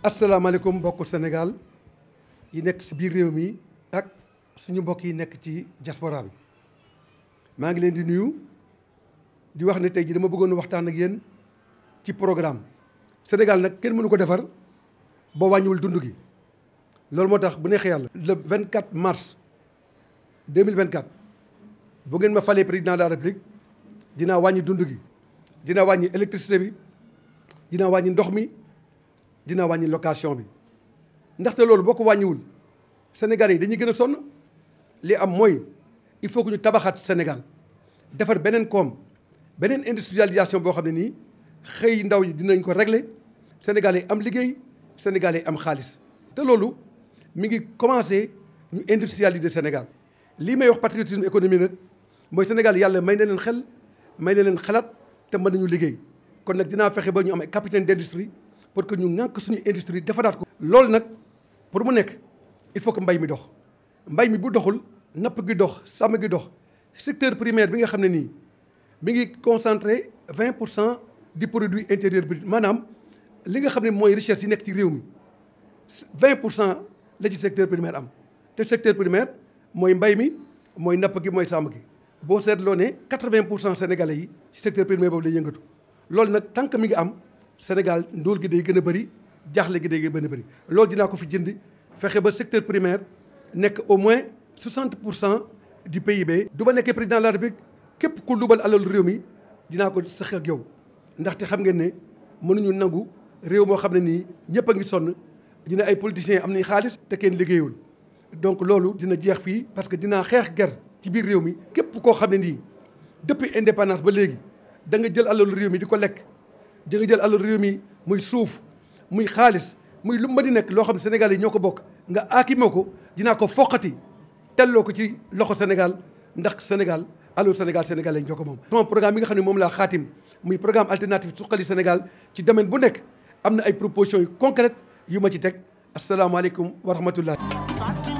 Assalamualaikum bokku Senegal, yi nek ci biir rew mi ak suñu mbokk yi nekk ci diaspora bi ma ngi len di nuyu di wax ne tay ji dama bëggoon waxtaan ak yeen ci programme Sénégal nag kenn mënu ko defar boo wàññiwul dund gi loolu moo bu le 24 mars 2024 bu ngeen ma falee président de la république dina wàññi dundugi, gi dinaa wàññi électricité bi dina wàññi ndox mi dinaa location bi ndaxte loolu boo ko Sénégalais yi dañuy son a li am moy il faut que ñu tabaxat Sénégal défar benen koom benen industrialisation bo xamné ni, xey ndaw yi dinañ ko régler sénégalais am liguey sénégalais am xaalis te loolu mi ngi commencer ñu industrialiser Sénégal li may wax patriotisme économique nak moy Sénégal yalla may na len xel may na len xalat te mën nañu liguey kon nak dina fexé ba ñu am capitaine d'industrie pour que ñu ŋànk suñu industrie defaraat ko. loolu nak pour mu nek il faut que mbay mi dox mbay mi bu doxul napp gi dox sàmm gi dox secteur primaire bi nga xam ni mi ngi concentrer 20% du produit intérieur brut manam li nga xam ne mooy recherche yi nekk ci réew mi vingt pour cent la ci secteur primaire am te secteur primaire mooy mbay mi mooy napp gi mooy sàmm gi boo seetloo ne quatre-vingt pour cent sénégalais yi ci secteur primaire boobu lay yëngatu loolu nag tant que mi ngi am Sénégal ndóol gi day gën a bëri jaaxle gi day gën a bëri loolu dinaa ko fi jënd fexe ba secteur primaire nekk au moins 60% pour cent du PIB. du ma nekkee président de la République képp ku lubal alal réew mi dinaa ko sëq ak yow ndaxte xam ngeen ne mënuñu nangu réew moo xam ne nii ñëpp a ngi sonn ñu ne ay politiciens am nañ xaalis te liggéeyul donc loolu dina jeex fii parce que dinaa xeex ger ci biir réew mi képp koo xam ne depuis indépendance ba léegi da nga jël alalu réew mi di ko lekk da nga jël réew mi muy suuf muy xaalis muy lu ma di nekk loo xam ne Sénégal yi nga aakimoo ko dinaa ko foqati telloo ko ci loxo Sénégal ndax Sénégal alalu Sénégal Sénégal lañ ñoo ko programme bi nga xam ne moom laa xaatim muy programme alternative suqali Sénégal ci domaine bu nekk. am na ay propositions yu concrètes yu ma ci teg asalaamaaleykum wa rahmatullah